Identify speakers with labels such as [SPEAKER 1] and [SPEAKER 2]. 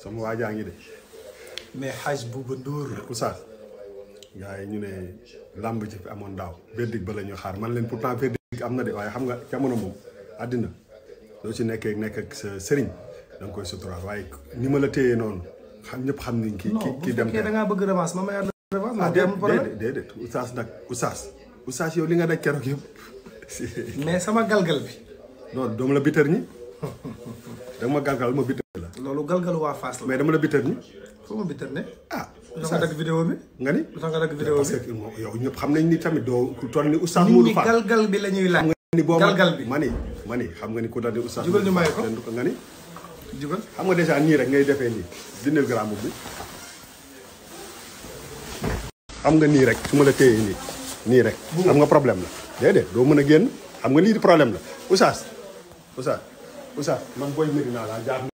[SPEAKER 1] sama waajaa ngi de mais xaaj bu nduur oustaz gars yi ñu né lamb ci fi amoon daaw verdict ba lañu xaar man leen pourtant verdict amna de waye xam nga ci amono mom adina do ci nekk nekk ak serigne dang koy sutura waye ni ma la teyé non xam ñep xam ni ki ki dem ki da nga bëgg revanche ma mayaat la revanche ah déedéet déedéet oustaz nag oustaz oustaz yow li nga daj keroog yëpp mais sama galgal bi non doom la bitter ñi dama gal gal ma bital la lolou gal gal wa fas la mais dama la bital ni fu ma bital ne ah lu tax nga dagg vidéo bi nga ni lu tax nga dagg vidéo bi parce que yow ñep xam nañ ni tamit do ku toll ni Oustaz fa gal gal bi lañuy la ñuy laaj ni gal galgal bi mané mané xam nga ni ko dal di oustad jugal ñu may ko ko nga ni jugal xam nga déjà ni rek ngay défé ni dindil gramme bi xam nga ni rek suma la téyee ni ni rek xam nga problème la déedéet do mën a xam nga lii di problème la oustad oustad Oustaz man booy Medina laa jaar.